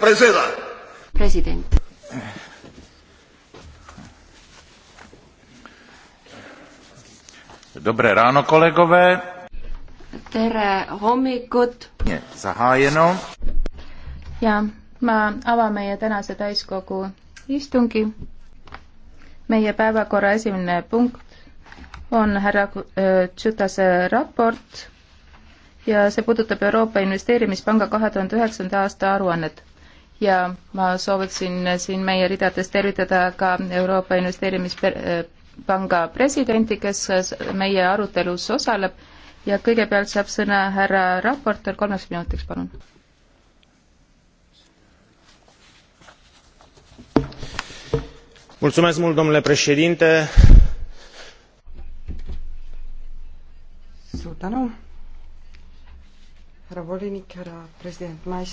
president. Dobré ráno, kolegové. tere hommikut. Zahájeno. ja ma avan meie tänase täiskogu istungi. meie päevakorra esimene punkt on härra Tšutase raport ja see puudutab Euroopa Investeerimispanga kahe tuhande üheksanda aasta aruannet. ja ma sooviksin siin meie ridades tervitada ka Euroopa Investeerimispanga presidenti, kes meie arutelus osaleb ja kõigepealt saab sõna härra raportöör, kolmeks minutiks, palun. mulțumesc mult, domnule președinte. suur tänu härra volinik, härra president, ma hästi